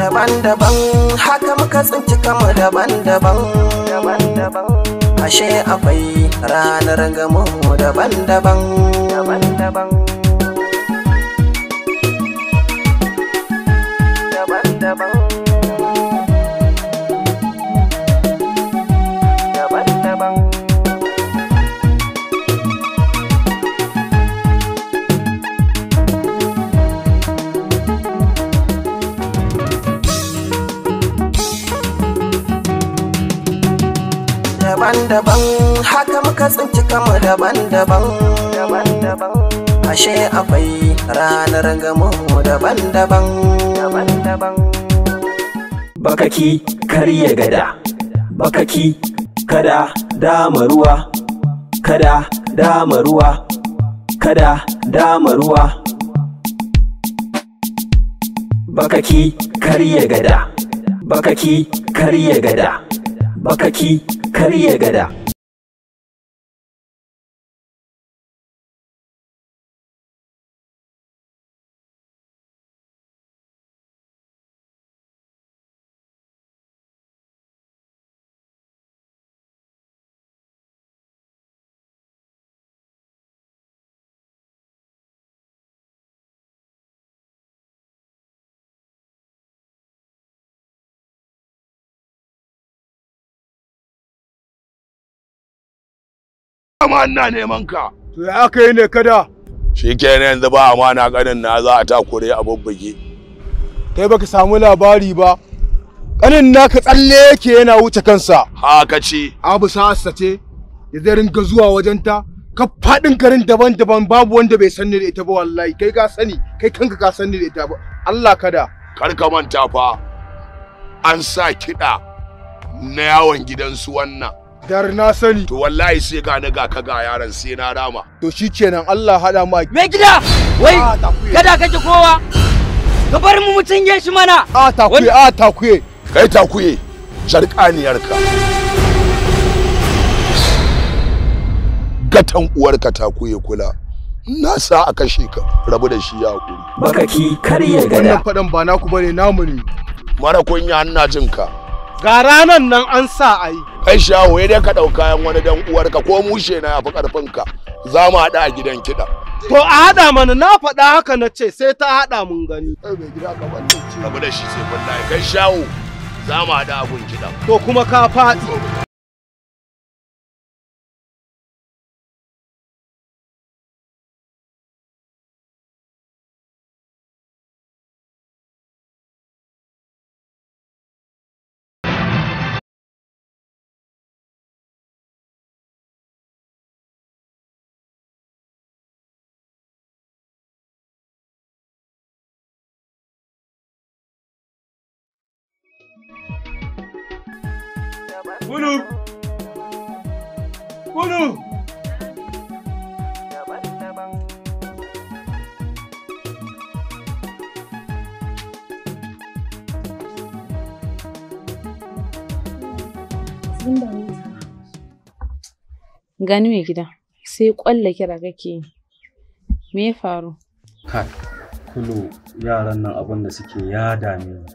daban-daban haka muka tsinci kama daban-daban ashe akwai ranar gamu daban-daban daban-daban daban-daban haka muka tsinci kama daban-daban ashe akwai ranar gamu daban-daban bakaki karya gada bakaki kada dama ruwa kada dama ruwa kada dama ruwa bakaki karya gada bakaki karya gada bakaki karya gada amana ina neman ka. To ya aka yi ne kada? Shi kenan yanzu ba amana ganin na za a takure a babbage. Kai baka samu labari ba. Kanin naka tsalle yake yana wuce kansa. Haka ce. Abu sa'asta ce. Ya zai ringa zuwa wajenta. Ka faɗin garin daban-daban babu wanda bai sanni ni da ita ba wallahi. Kai ka sani, kai kanka ka san da ita ba. Allah kada. Kar ka manta fa. An sa kiɗa na yawon gidansu wannan. Dar na sani. To wallahi sai ga ni ga ka ga yaran sai na rama. To kenan Allah hada mu. Me gida? Wai kada kake kowa. Ka bar mu mutun ya shi mana. A takuye a takuye. Kai takuye. ka. Gatan uwarka takuye kula. na sa a kashe ka rabu da shi ya hakuri. Makaki kar ya gada. Wannan faɗan ba naku bane namu ne. Mara kunya ina jin ka. ga ranan nan an sa a yi kai shawo ya dai ka ɗau kayan wani dan uwarka ko mushe na yafi karfin ka za mu haɗa a gidan kiɗa to a haɗa mana na faɗa haka na ce sai ta haɗa mun gani abu da shi sai kai shawo za mu haɗa abun kiɗa to kuma ka faɗi Bunu. Bunu. Gani mai gida, sai ƙwallo kira kake Me ya faru? Kai, kulu yaran nan abin da suke ya dame ni.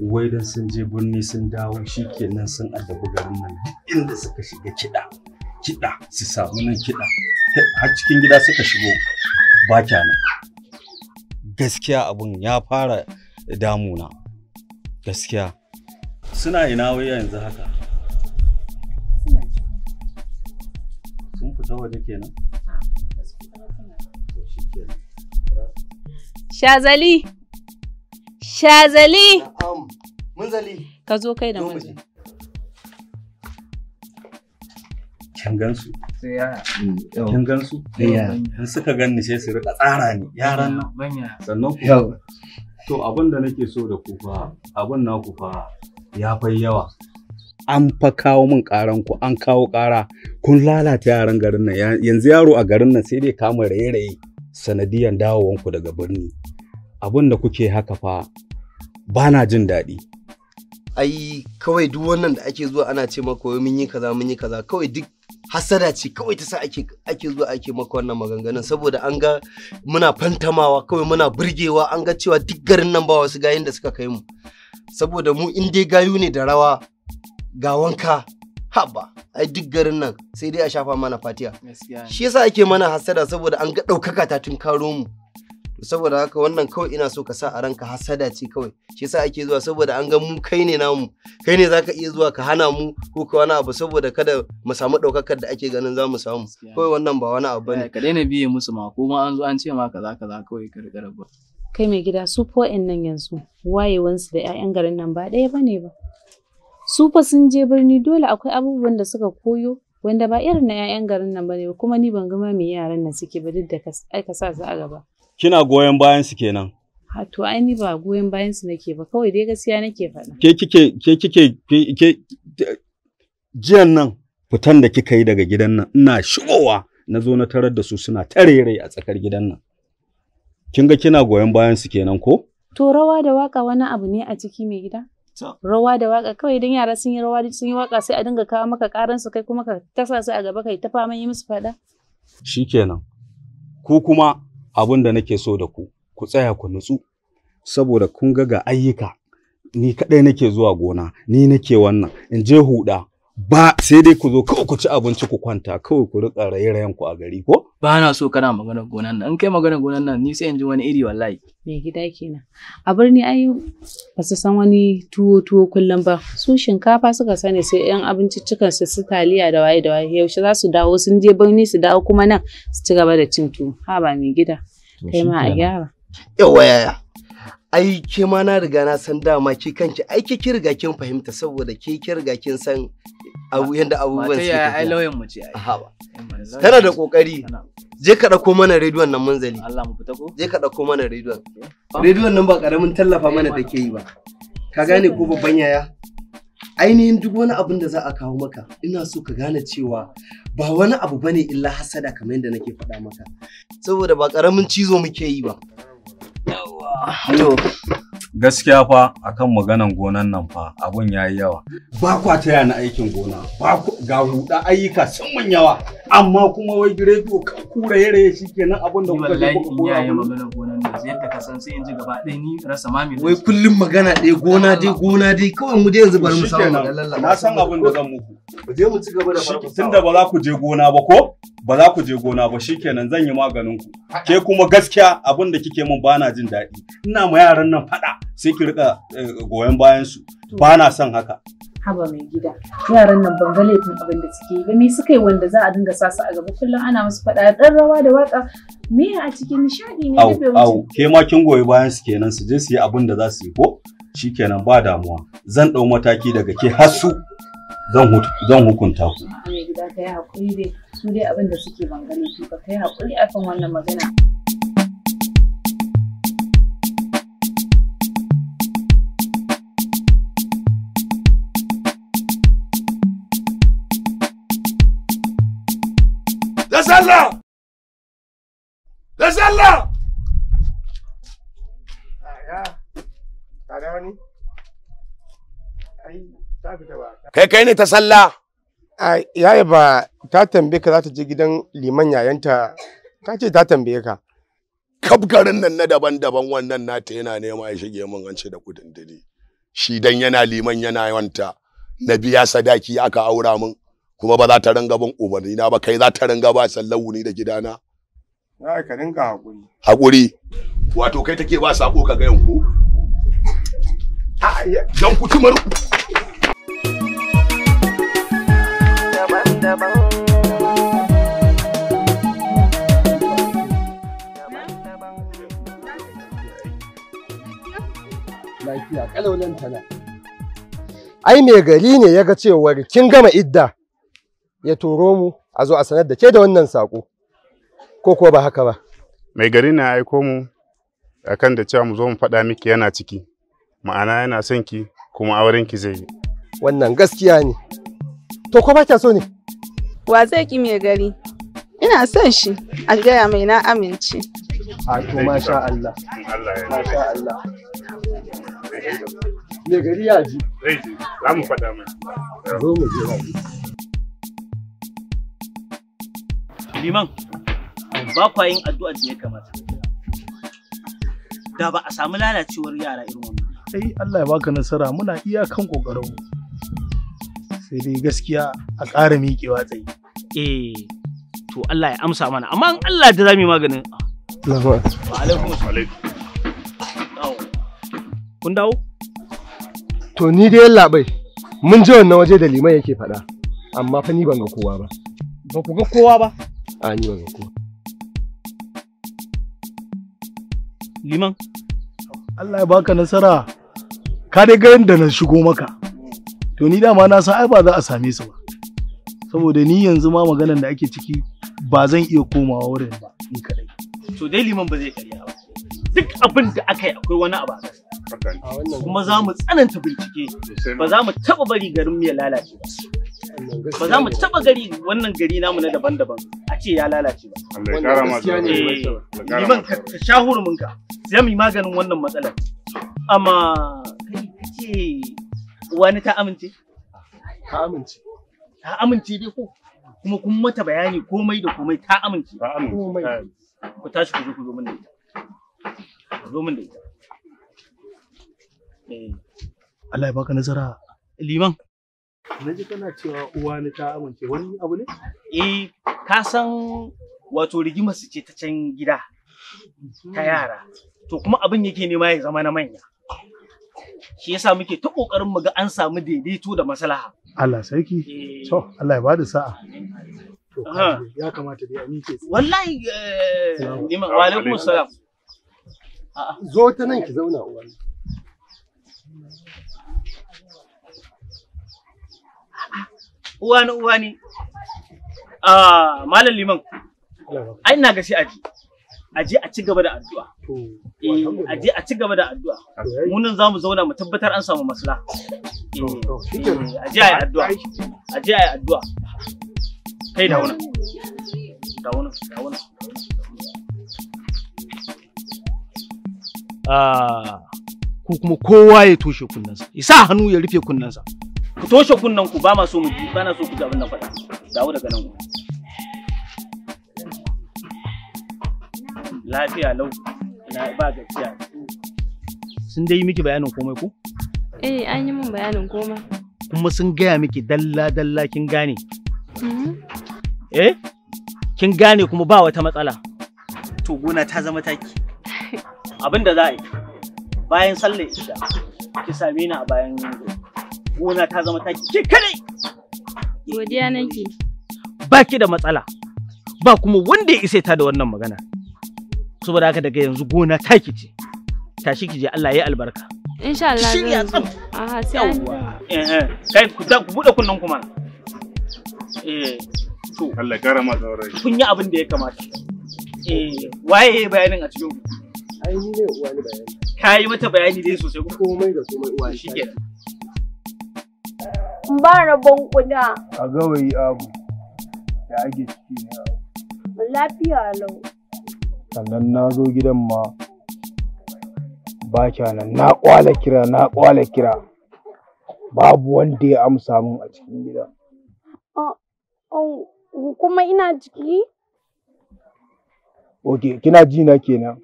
wai dan sun je birni sun dawo shikenan sun addabi garin nan inda suka shiga kiɗa kiɗa su samu nan kiɗa har cikin gida suka shigo ba nan gaskiya abun ya fara damuna gaskiya suna ina wai yanzu haka sun fita waje kenan Shazali Shazali. Munzali. Ka zo kai da munzali. Kin gansu. Sai mm, gansu. In suka ganni sai su rika tsara ni yaran nan. Sannan ku. To abin da nake so da abin na ya fai yawa. an fa kawo min karan ku an kawo kara kun lalata yaran garin nan yanzu yaro a garin nan sai dai kama raye-raye sanadiyan dawowanku daga birni abin da kuke haka fa ba na jin daɗi. Ai, kawai duk wannan da ake zuwa ana ce maka wai mun yi kaza mun yi kaza kawai duk hasada ce kawai ta sa ake ake zuwa ake maka wannan maganganun saboda an ga muna fantamawa kawai muna burgewa an ga cewa duk garin nan ba wasu gayin da suka kai mu saboda mu in dai gayu ne da rawa ga wanka haba ai duk garin nan sai dai a shafa mana fatiya shi yasa ake mana hasada saboda an ga ɗaukaka ta tun karo mu saboda haka wannan kawai ina so ka sa a ranka hasada ce kawai shi sa ake zuwa saboda an ga mu kai ne namu kai ne zaka iya zuwa ka hana mu ko ka wani abu saboda kada mu samu ɗaukakar da ake ganin za mu samu kawai wannan ba wani abu bane eh, ka daina biye musu ma ko ma an zo an ce ma kaza kaza kawai ka riƙa rabuwa kai mai gida su in nan yanzu wayewansu da 'ya'yan garin nan ba ɗaya bane ba su fa sun je birni dole akwai abubuwan da suka koyo wanda ba irin na 'ya'yan garin nan bane kuma ni ban gama me yaran nan suke ba duk da ka sa su a gaba kina goyon bayan su kenan to ai ni ba goyon bayan su nake ba kawai dai gaskiya nake faɗa ke kike ke kike ke jiyan nan fitan da kika yi daga gidan nan ina shigowa na zo na tarar da su suna tarere a tsakar gidan nan kin ga kina goyon bayan su kenan ko to rawa da waka wani abu ne a ciki mai gida rawa da waka kawai idan yara sun yi rawa sun yi waka sai a dinga kawo maka karan su kai kuma ka tasa su a gaba kai ta faman yi musu fada shikenan ku kuma abin da nake so da ku ku tsaya ku nutsu saboda kun ga ga ayyuka ni kaɗai nake zuwa gona ni nake wannan in je huɗa ba sai dai ku zo kawai ku ci abinci ku kwanta kawai ku rika raye ku a gari ko ba na so kana magana gonan nan in kai magana gonan nan ni sai in ji wani iri wallahi me gida kenan a birni ai ba su san wani tuwo tuwo kullum ba su shinkafa suka sani sai yan abinciccikan su su taliya da waye da waye yaushe za su dawo sun je birni su dawo kuma nan su ci gaba da cin tuwo ha ba me gida kai ma a gyara yawa yaya ai ke ma na riga na san dama ke kanki ai ke ki riga kin fahimta saboda ke ki riga kin san yadda yanda abubuwan suke tafiya. Ai ya mu ce ai. Haba. Tana da kokari. Je ka dauko mana rediyon nan munzali. Allah mu fita ko? Je ka dauko mana rediyon. Rediyon nan ba karamin tallafa eh, mana take yi ba. Ka gane ko babban yaya? Ainihin duk wani abin da za a kawo maka ina so ka gane cewa ba wani abu bane illa hasada kamar yadda nake faɗa maka. Saboda ba ƙaramin cizo muke yi ba. Yawa. gaskiya fa akan maganan gonan nan fa abun ya yi yawa ba kwa taya na aikin gona ba ga huda ayyuka sun mun yawa amma kuma wai rediyo kan kura yare shi kenan abun da kuka je kuka koya gonan nan sai ka san sai ji gaba ɗaya ni rasa mami wai kullum magana ɗaya gona dai gona dai kawai mu dai yanzu bari mu samu lallalla na san abun da zan muku ku je mu ci gaba da farko tunda ba za ku je gona ba ko ba za ku je gona ba shikenan zan yi maganin ku ke kuma gaskiya abun da kike min bana jin daɗi ina ma yaran nan faɗa sai ki rika eh, goyon bayan su ba na son haka haba mai gida yaran nan ban ga laifin abin da suke ga me suka yi wanda za a dinga sa su a gaba kullum ana musu faɗa dan rawa da waka me a cikin nishadi ne da bai Au ke ma kin goyi bayan su kenan su je su yi abin da za su yi ko shikenan ba damuwa zan ɗau mataki daga ke hasu zan hukunta ku. Mai gida ta yi haƙuri dai su dai abin da suke ban gani su ka kai haƙuri akan wannan magana. ya kai ne ta sallah yaya ba ta tambaye ka za ta je gidan liman yayanta ta ce ta tambaye ka kabgarin nan na daban-daban wannan nata yana nema ya shige min an ce da kudin dare shi dan yana liman yana yawanta na biya sadaki aka aura min kuma ba za ta ringa bin ubani na ba kai za ta ringa ba sallahu ni da gidana ai ka ringa hakuri hakuri wato kai take ba sako ka ga yanku don kutumar ai mai gari ne ya ga cewar kin gama idda ya turo mu a zo a sanar da ke da wannan sako ko kuwa ba haka ba mai gari na aiko mu akan da cewa mu zo mu faɗa miki yana ciki ma'ana yana son ki kuma aurenki zai yi wannan gaskiya ne to ko ba ta so ne Wa zai ki mai gari? Ina son shi, a gaya mai na amince. A to masha Allah. Masha Allah. Mai gari ya ji. ji, za mu mai. Zo mu je Liman, ba kwa yin addu'a da ya kamata. Da ba a samu lalacewar yara irin wannan. Sai Allah ya baka nasara muna iyakan mu. sai dai gaskiya a ƙara miƙewa tsaye eh to Allah ya amsa mana amma in Allah da zamu maganin Allahu akbar wa kun dawo to ni dai labai mun je wannan waje da liman yake faɗa amma fa ni ban ga kowa ba ba ku ga kowa ba a ni ban ga kowa liman Allah ya baka nasara ka dai ga yadda na shigo maka to ni dama na san ai ba za a same su ba saboda ni yanzu ma maganar da ake ciki ba zan iya komawa wurin ba ni kadai to dai liman ba zai karya ba duk abin da aka yi akwai wani abu a kuma za mu tsananta bincike ba za mu taɓa bari garin mu ya lalace ba ba za mu taɓa gari wannan gari namu na daban-daban a ce ya lalace ba eh, liman ka sha hurumin ka sai mu yi maganin wannan matsalar amma kai ce wani ta amince ta amince ta amince dai ko kuma kun mata bayani komai da komai ta amince ta amince ku tashi ku zo ku zo min da ita ku zo min da ita eh. Allah ya baka nazara liman na ji kana cewa uwa ni ta amince wani abu ne eh ka san wato rigimar su ce ta can gida ta yara to kuma abin yake nema ya zama na manya shi yasa muke ta kokarin mu ga an samu daidaito da maslaha Allah sarki eh. to Allah ya bada sa'a ya kamata dai a mike wallahi eh, wa alaikum salam zo ta nan ki zauna uwa uwa ni uwa ni ah malam liman ai ina ga shi aji a je a ci gaba da addu'a eh a je a ci gaba da addu'a eh. mu nan zamu zauna mu tabbatar an samu maslaha eh, eh, a je a yi addu'a a je a yi addu'a kai da wannan da wannan da wannan ah, ko kuma kowa ya toshe kunnensa ya sa hannu ya rufe kunnensa ku toshe kunnen ku ba ma so mu ba na so ku ji abin da faɗa dawo daga nan lafiya lau na ba gaskiya sun dai yi miki bayanin komai ko eh an yi min bayanin komai kuma sun gaya miki dalla dalla kin gane mm-hmm. eh kin gane kuma ba wata matsala to gona ta zama taki abin da za a yi bayan sallar isha ki same ni a bayan gona ta zama taki ki kare godiya nake baki da matsala ba kuma wanda ya isa ta da wannan magana saboda haka daga yanzu gona taki ce tashi ki je Allah ya yi albarka insha Allah ya tsam aha sai eh, eh kai ku ku bude kunnan kuma eh to Allah kara ma tsaurai kun yi abin da ya kamata eh waye bayanin a cikin ai ni ne uwa ni bayani kai mata bayani dai sosai komai da komai uwa shikenan ba rabon kuna A gawayi abu da ake ciki ne abu. Lafiya lau. sannan na zo gidan ma ba nan na kwala kira na kwala kira babu wanda ya amsa min a cikin gida kuma ina jiki ok kina ji na kenan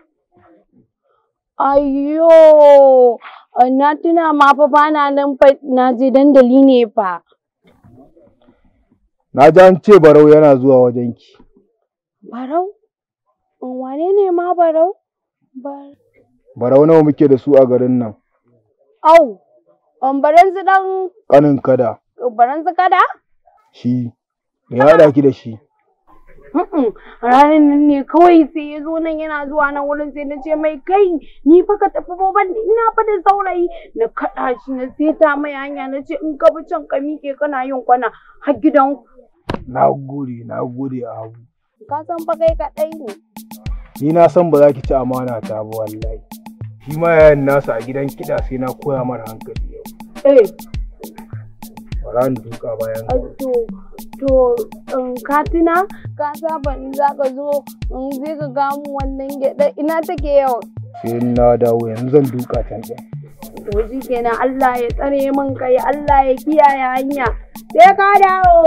ayyo na tuna ma fa ba na nan fa na je dandali ne fa na ji an ce barau yana zuwa wajenki barau Mm, wane ne ma barau? Barau nawa muke da su a garin nan? Au, um, baranzu ɗan... Ƙanin kada. Baranzu kada? Shi, me ya haɗa ki da shi? Ranar nan ne kawai sai ya zo nan yana zuwa nan wurin sai na ce mai kai ni fa ka tafi fa ban ina fa da saurayi na kaɗa shi na seta mai hanya na ce in ka bi can ka miƙe kana yin kwana har gidan. Na gode, na gode Abu. Ka san fa kai kaɗai ne. ni na san ba za ki ci amana ta ba wallahi shi ma yayan nasa a gidan kiɗa sai na koya mana hankali yau eh bara ni duka bayan to to um, katina ka saba in za ka zo in zai ka gamu wannan gyaɗa ina take yau sai na dawo yanzu zan duka can ɗin to kenan Allah ya tsare min kai Allah ya kiyaye hanya sai ka dawo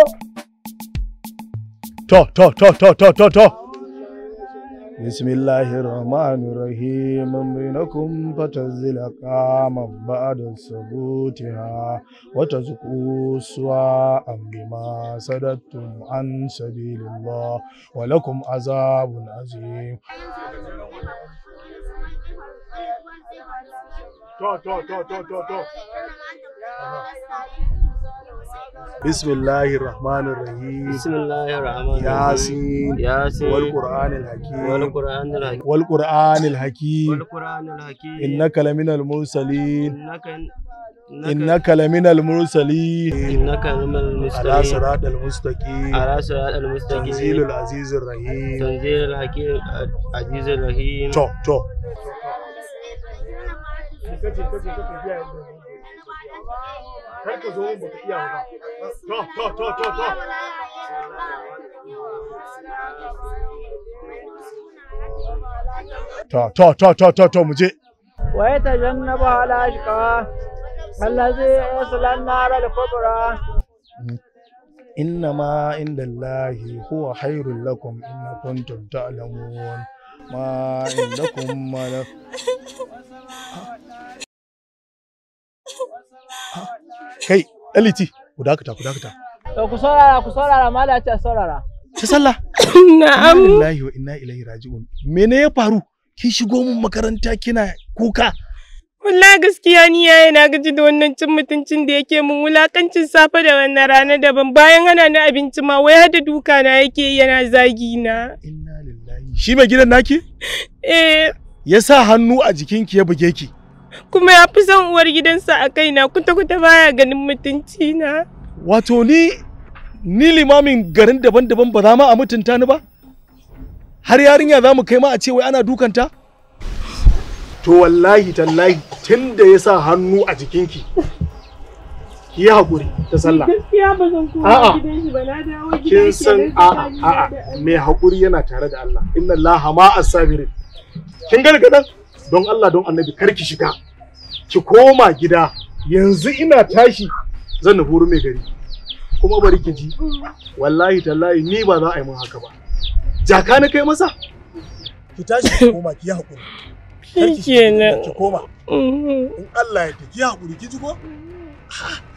to to to to to to to bismillahi ramanu rahimami na kumfatar zinaka mambadan sabutina wata kuswa abduma saddattun an sabinlo walakun azab ul azim. bismillahir rahmanir rahim bismillahir rahmanir yasin yasin wal qur'anil hakim wal qur'anil hakim wal qur'anil hakim wal qur'anil hakim innaka laminal mursalin إنك لمن المرسلين إنك لمن المرسلين على صراط المستقيم على صراط المستقيم تنزيل العزيز الرحيم تنزيل الحكيم العزيز الرحيم تو تو Thank you. kar ka zo ba ka iya ba to to to to to to to to to to to mu je wa ya tajannabu ala ashqa allazi yasla an-nar al-kubra إنما عند الله هو خير لكم إن كنتم تعلمون ما عندكم ملك Kai, ɗaliti, ku dakata, ku dakata. To ku saurara, ku saurara, mala ce saurara. Ta sallah. Na'am. Inna lillahi wa inna ilaihi raji'un. Mene ya faru? Kin shigo mun makaranta kina kuka. Wallahi gaskiya ni yaya na gaji da wannan cin mutuncin da yake mun wulakancin safe da wannan rana daban bayan hana ni abinci ma wai hada duka na yake yana zagi na. Inna lillahi. Shi mai gidan naki? Eh. Ya sa hannu a jikinki ya buge ki. kuma ya fi son uwar gidansa a kaina kuta-kuta baya ganin mutunci na. Wato ni ni limamin garin daban-daban ba za ma a mutunta ni ba? Har yarinya za mu kai ma a ce ana dukanta? To wallahi tallahi tun da ya sa hannu a jikinki. Ki hakuri ta sallah. Gaskiya Kin san a'a a'a mai hakuri yana tare da Allah. Inna Allah as-sabirin. Kin ga daga don Allah don annabi kar ki shiga ki koma gida yanzu ina tashi zan nufi wurin mai gari kuma bari ki ji wallahi tallahi ni ba za a yi mun haka ba jaka na kai masa ki tashi ki koma ki yi hakuri kar ki koma in Allah ya ta ki hakuri ki ji ko